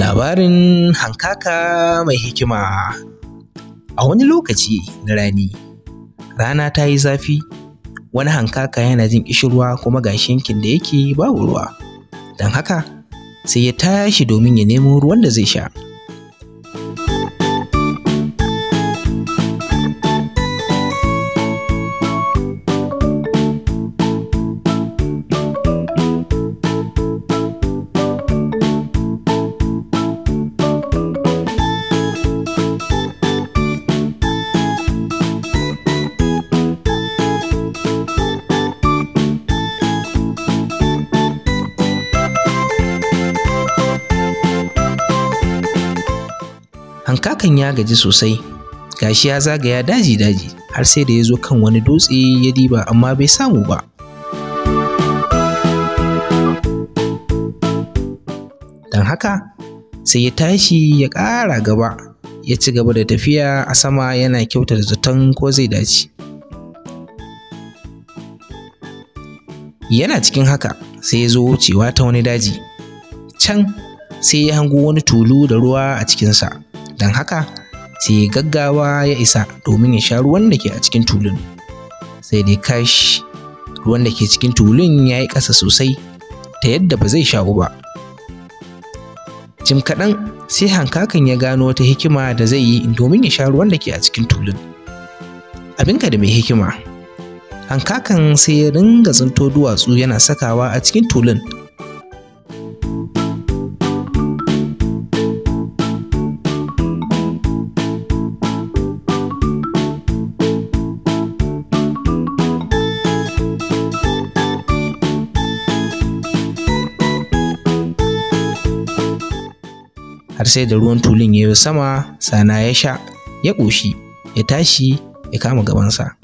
Labarin hankaka mai hikima A wani lokaci na rani, rana ta yi zafi, wani hankaka yana jin ƙishirwa kuma ga yankin da yake babu ruwa. Don haka, sai ya tashi domin ya nemo ruwan da zai sha. hankakan ya gaji sosai gashi ya zagaya daji daji har sai da ya zo kan wani dutse ya diba amma bai samu ba don haka sai ya tashi ya ƙara gaba ya ci gaba da tafiya a sama yana da zaton ko zai dace yana cikin haka sai ya zo wucewa ta wani daji can sai ya hango wani tulu da ruwa a cikinsa don haka sai gaggawa ya isa domin ya sha ruwan da ke a cikin tulun sai dai kashi ruwan da ke cikin tulun ya yi ƙasa sosai ta yadda ba zai shawo ba jim kaɗan sai hankakan ya gano wata hikima da zai yi domin ya sha ruwan da ke a cikin tulun abinka da mai hikima hankakan sai ya ringa tsinto duwatsu yana sakawa a cikin tulun har sai da ruwan tulun ya yi sama sana ya sha ya ƙoshi ya tashi ya kama gabansa